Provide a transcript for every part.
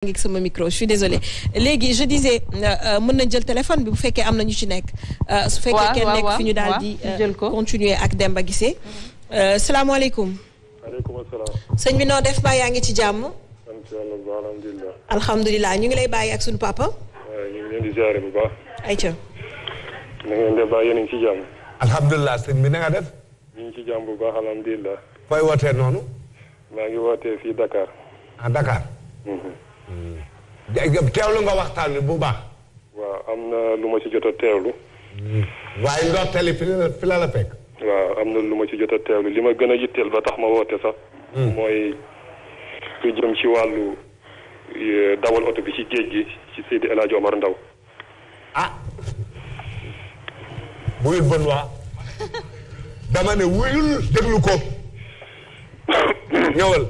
ngi sama micro je suis désolée léegi je disais euh, euh, mën na jël téléphone bi bu fekkee am na ñu ci nekk euh, su fekkee kenn nekk fi ñu daal di continuer ak Demba Guissé salaamaaleykum waaleykum salaam sëñ bi noo def baa yaa ngi ci jàmm alhamdulilah ñu ngi lay bàyyi ak suñu papa ñu ngi leen ci jàmm alhamdulilah sëñ bi na def ñu ci jàmm bu baax alhamdulilah fooy wootee noonu maa ngi wootee fii Dakar ah Dakar mhm. teewlu nga waxtaan wi bu baax. waaw am na lu ma ci jot a teewlu. waaye ndorteel fi la fi fekk. waaw am na lu ma ci jot a teewlu li ma gën a yitteel ba tax ma woote sax. Hmm. mooy lu jëm ci wàllu eh, dawal oto bi ci géej gi ci Seydi El Ndaw. ah. wuyul bon waa dama ne wuyul déglu ko ñëwal.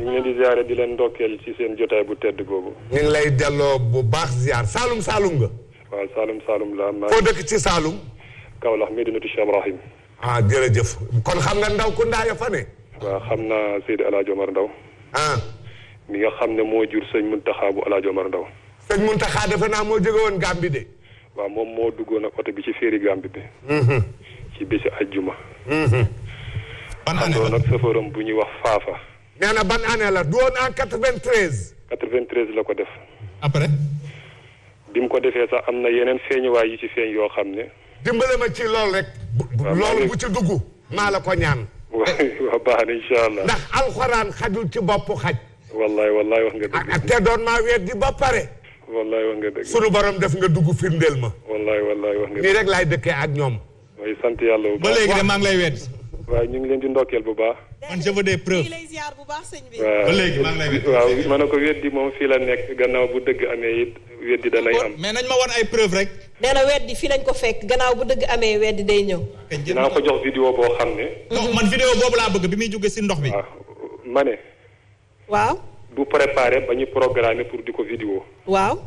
ñu ngi di di leen ndokkeel ci seen jotaay bu tedd boobu. ñu lay delloo bu baax ziar Saalum Saalum nga. waaw Saalum Saalum la am. foo dëkk ci Saalum. Kaolack Medinatu Cheikh Ibrahim. ah jërëjëf kon xam nga ndaw ku ndaa fa ne. waaw xam naa Seydou El Hadj Omar Ndaw. ah. xam ne moo jur sëñ Muntaxa bu El Hadj Omar Ndaw. sëñ Muntaxa defe naa moo jóge woon Gàmbi de. waaw moom moo duggoon ak oto bi ci féeri Gàmbi bi. Mm-hmm. ci bési ajjuma. Mm-hmm. ban année nag bu ñuy wax Faafa. nee na ban année la du woon en 93. la ko def. après. bi mu ko defee sax am na yeneen feeñuwaay yi ci feeñ yoo xam ne. dimbale ma ci lool rek. loolu bu ci dugg maa la ko ñaan. Eh. waaw baax na incha allah. ndax alxuraan xajul ci boppu xaj. wallaay wallaay wax nga dëgg. Ah, te doon weet di ba pare. wallaay wax nga dëgg. sunu borom def nga dugg firndeel ma. wallaay wallaay wax nga nii rek laay dëkkee ak ñoom. mooy sant yàlla bu baax ba léegi de maa lay weet. waaye ñu ngi leen di ndokkeel bu baax. man je veux léegi waaw ma ne ko weddi moom fii la nekk gannaaw bu dëgg amee it weddi danay am. mais nañ ma wan ay preuve rek. nee na weddi fii lañ ko fekk gannaaw bu dëgg amee weddi day ñëw. naa ko jox vidéo boo xam ne. non man vidéo boobu laa bëgg bi muy jógee si ndox bi. waaw ah, ma ne. waaw. du préparé ba ñu programmé pour di ko vidéo. waaw.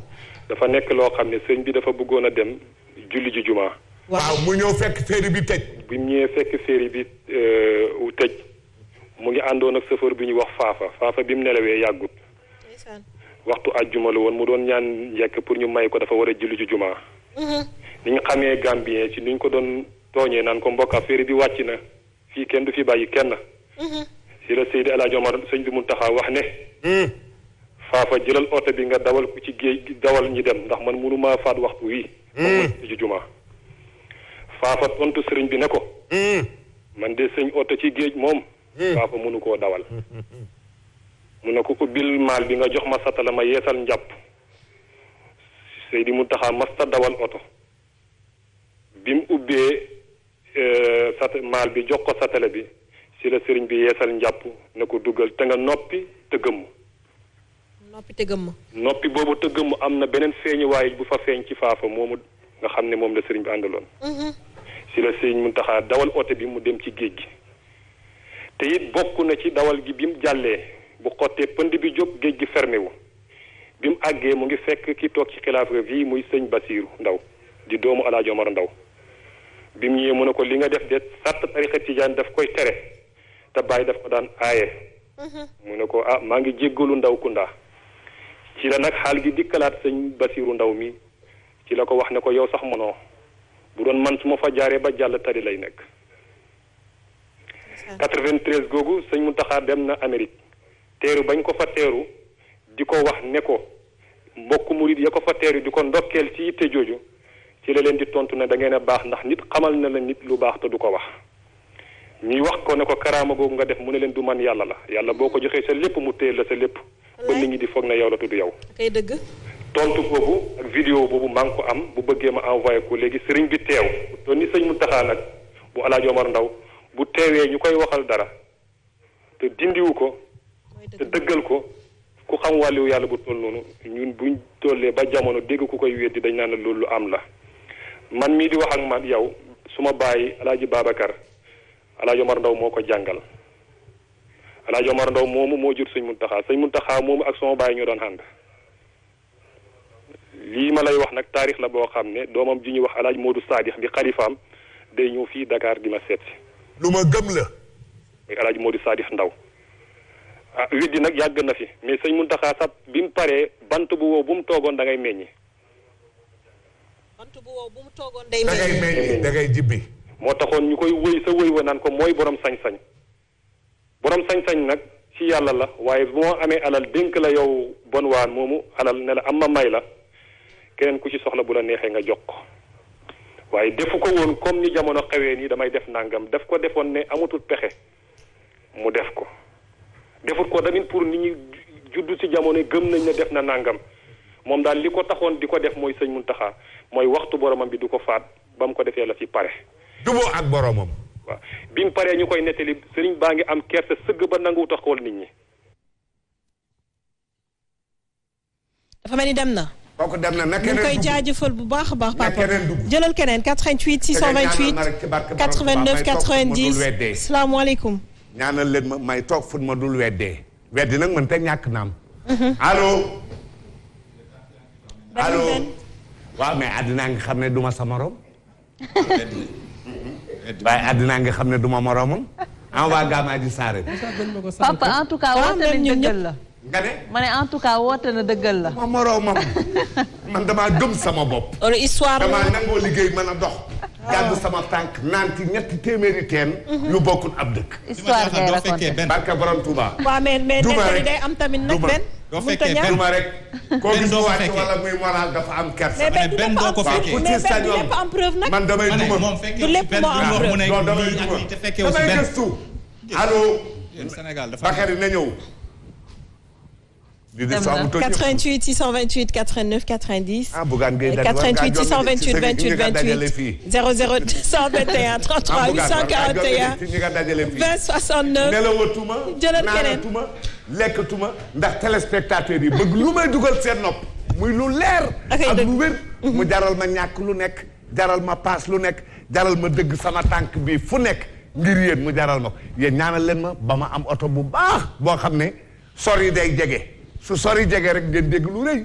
dafa nekk loo xam ne sëñ bi dafa bëggoon a dem julli ji jumaa. waaw mu ñëw fekk féeri bi tëj. bi mu ñëwee fekk féeri bi u euh, tëj mu ngi àndoon ak chauffeur bi ñu wax faafa faafa bi mu nelawee yàggut. waxtu àjjuma la woon mu doon ñaan njekk pour ñu may ko dafa war a julli ci jumaa. Mm-hmm. ni ñu xamee Gambien ci ni ñu ko doon tooñee naan ko mbokk féeri bi wàcc na fii kenn du fi bàyyi kenn. Mm-hmm. si la Seydi El Hadj Omar sëñ bi mun taxa wax ne. Hmm. faafa jëlal oto bi nga dawal ci géej gi dawal ñi dem ndax man mënumaa faat waxtu wi. ba mu ci jumaa. faafa ont sëriñ bi ne ko hmm. man de sëñ oto ci géej moom faafa hmm. mënu koo dawal mu ne ko ko ubbil maal bi nga jox ma satala ma yeesal njàpp Seydi Muntaxa masta dawal oto bi mu ubbee euh, sat maal bi jox ko satala bi ci la sëriñ bi yeesal njàpp ne ko dugal te nga noppi te noppi te gëmm noppi boobu te gëmm am na beneen feeñuwaay bu fa feeñ ci faafa moomu nga xam ne moom la sëriñ bi àndaloon mm-hmm. ci la sëñ Muntaxa dawal oto bi mu dem ci géej gi te it bokk na ci dawal gi bi mu jàllee bu xottee pënd bi jóg géej gi fermé wu bi mu àggee mu ngi fekk ki toog ci xilaaf gi muy sëñ Basiiru Ndaw di doomu Alaaji Omar Ndaw bi mu ñëwee mu ne ko li nga def de sàtt tarixa tijaan daf koy tere te bàyyi daf ko daan aaye mhm. mu ne ko ah maa ngi jéggalu Ndaw Kunda ci la nag xaal gi dikkalaat sëñ Basiiru Ndaw mi ci la ko wax ne ko yow sax mënoo bu doon man su ma fa jaaree ba jàll tali lay nekk. 93 googu sëñ taxaar dem na Amérique teeru bañ ko fa teeru di ko wax ne ko mbokk murid ya ko fa teeru di ko ndokkeel ci yitte jooju ci la leen di tontu ne da ngeen baax ndax nit xamal na la nit lu baax te du ko wax. ñuy wax ko ne ko karaama googu nga def mu ne leen du man yàlla la yàlla boo ko joxee sa lépp mu téye la sa lépp. ba nit ñi di foog na yow la tudd yow. kay dëgg. tontu boobu ak vidéo boobu maa ko am bu bëggee ma envoyé ko léegi sëriñ bi teew doon ni sëñ taxaa nag bu Alaaji Omar Ndaw bu teewee ñu koy waxal dara te dindiwu ko te dëggal ko ku xam wàlliwu yàlla bu toll noonu ñun buñ tollee ba jamono dégg ko koy di dañ naan ne loolu lu am la man mii di wax ak man yow su ma bàyyi Alaaji Babacar Alaaji Omar Ndaw moo ko jàngal Alaaji Omar Ndaw moomu moo jur sëñ Mountakha sëñ Mountakha moomu ak sama bàyyi ñoo doon ànd lii ma lay wax nag taarix la boo xam ne doomam ji ñuy wax alaaj Modou Sadix di xalifaam day ñëw fii dakaar di ma seet si. lu ma gëm la. muy alaaj Modou Sadix ndaw. ah weddi nag yàgg na fi mais sëñ Muntaxa sax bi mu paree bant bu wow bu mu toogoon da ngay meññi. bant bu toogoon da ngay jibbi moo taxoon ñu koy wëy sa wëy wa naan ko mooy borom sañ-sañ. borom sañ-sañ nag ci yàlla la waaye bu amee alal dénk la yow bon waan moomu alal ne la am ma may la. keneen ku ci soxla bu la neexee nga jox ko waaye defu ko woon comme ni jamono xewee nii damay def nangam daf ko defoon ne amatul pexe mu def ko defut ko tamit pour nit ñi juddu ci jamono gëm nañ ne def na nangam moom daal li ko taxoon di ko def mooy sëñ Muntaxa mooy waxtu boromam bi du ko faat ba mu ko defee la fi pare. juboo ak boromam. waaw bi mu paree ñu koy nettali sëriñ baa ngi am kersa sëgg ba nanguwut a xool nit ñi. dafa mel ni dem na. kooku dem na nag. ñu koy jaajëfal bu baax a baax. papa jëlal keneen 88 628 89 90 salaamaaleykum. ñaanal leen ma may toog fu ma dul weddee. weddi nag mën te ñàkk naam. Mhm. allo. allo waaw mais àddinaa nga xam ne du ma sa morom. waaye àddinaa nga xam ne du ma moromam. en tout cas ah, woote nañ dëggal la. nga ne. ma ne en tout cas woote na dëggal la. ma moroomam man damaa gëm sama bopp. loolu histoire la damaa nangoo liggéey mën a dox. gàddu ah. sama tànk naan ci ñetti téeméeri teen. yu mhm. bokkul ab dëkk. histoire ngay raconté barka borom Touba. waaw mais mais day am tamit nag benn. doo fekkee benn duma rek. koo gis mu wàcc wala muy dafa am kersa. mais benn doo ko fekkee mais benn du lépp am preuve nag. man damay duma man du lépp moo am preuve. non damay duma damay na ñëw. di def saa mu toj 88 628 89 90. ah Bougane Gueye 88 628 28 28 00 221 33 841. ñi nga dajale fii 20 69. nelawatuma jëlal keneen naanatuma lekkatuma ndax téléspectateur yi bëgg lu may dugal seen nopp muy lu leer. ak lu wér. Mhm. mu jaral ma ñàkk lu nekk jaral ma paas lu nekk jaral ma dëgg sama tànk bi fu nekk ngir yéen mu jaral ma ko yéen ñaanal leen ma ba ma am oto bu baax boo xam ne sori day jege. su sori jege rek ngeen dégg lu rëy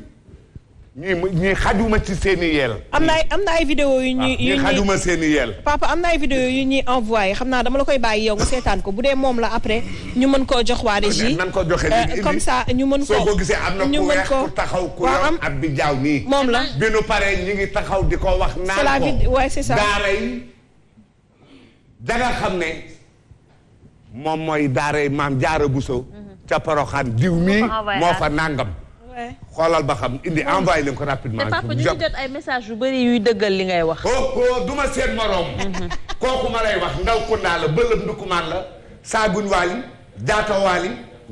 ñuy ñuy xajuma ci seen i am na ay am ay vidéo yu ñuy ah, yu ñuy xajuma seen i yeel. papa am na ay yu ñuy envoyé xam naa dama la koy bàyyi yow seetaan ko bu dee moom la après ñu mën koo jox waa régie. nan joxe léegi euh, comme ça ñu mën ko. soo ko gisee am na ku weex taxaw ko yor ab bi jaaw nii. moom la bi nu paree ñu ngi taxaw di ko wax. naan ko waay c'est ça daara yi da nga xam ne moom mooy daara maam maam bu Buso. Mm-hmm. ca Porokhane diw mii moo fa nangam. xoolal ba xam indi envoy leen ko rapidement. te papa ñu jot ay message yu bëri yuy dëggal li ngay wax. Oh, oh, duma seen morom. Mhm. kooku ma lay wax ndaw kundaa la bëlëb ndukumaan la saagun waali jaata waali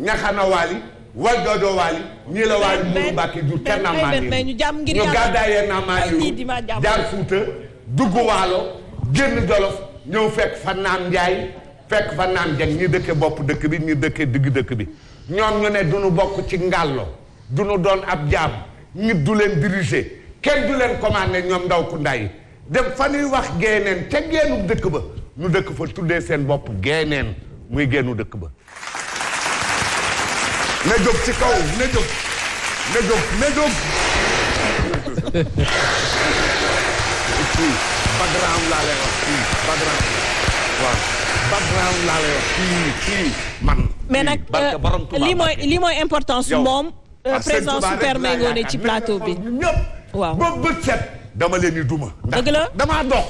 ñaxana waali wal waali ñii la waali muru mbàkke jur ternaa maali ñu jàmm ngir ñu gàddaayee naa maali fuuta dugg waalo génn jolof ñëw fekk fa naam njaay fekk fa naam jeng ñi dëkke bopp dëkk bi ñi dëkkee digg dëkk bi ñoom ñu ne du ñu bokk ci ngàllo du ñu doon ab jaam nit du leen diriger kenn du leen commandé ñoom ndaw ku nday dem fa ñuy wax géeneen te génnu dëkk ba ñu dëkk fa tuddee seen bopp géeneen muy génnu dëkk ba na jóg ci kaw na jóg na jóg na laa lay wax kii kii man mais nag euh, li mooy li mooy importance moom euh, présence su Père Mbaye ci plateau bi ñëpp waaw ba bët dama leen di duma dëgg damaa dox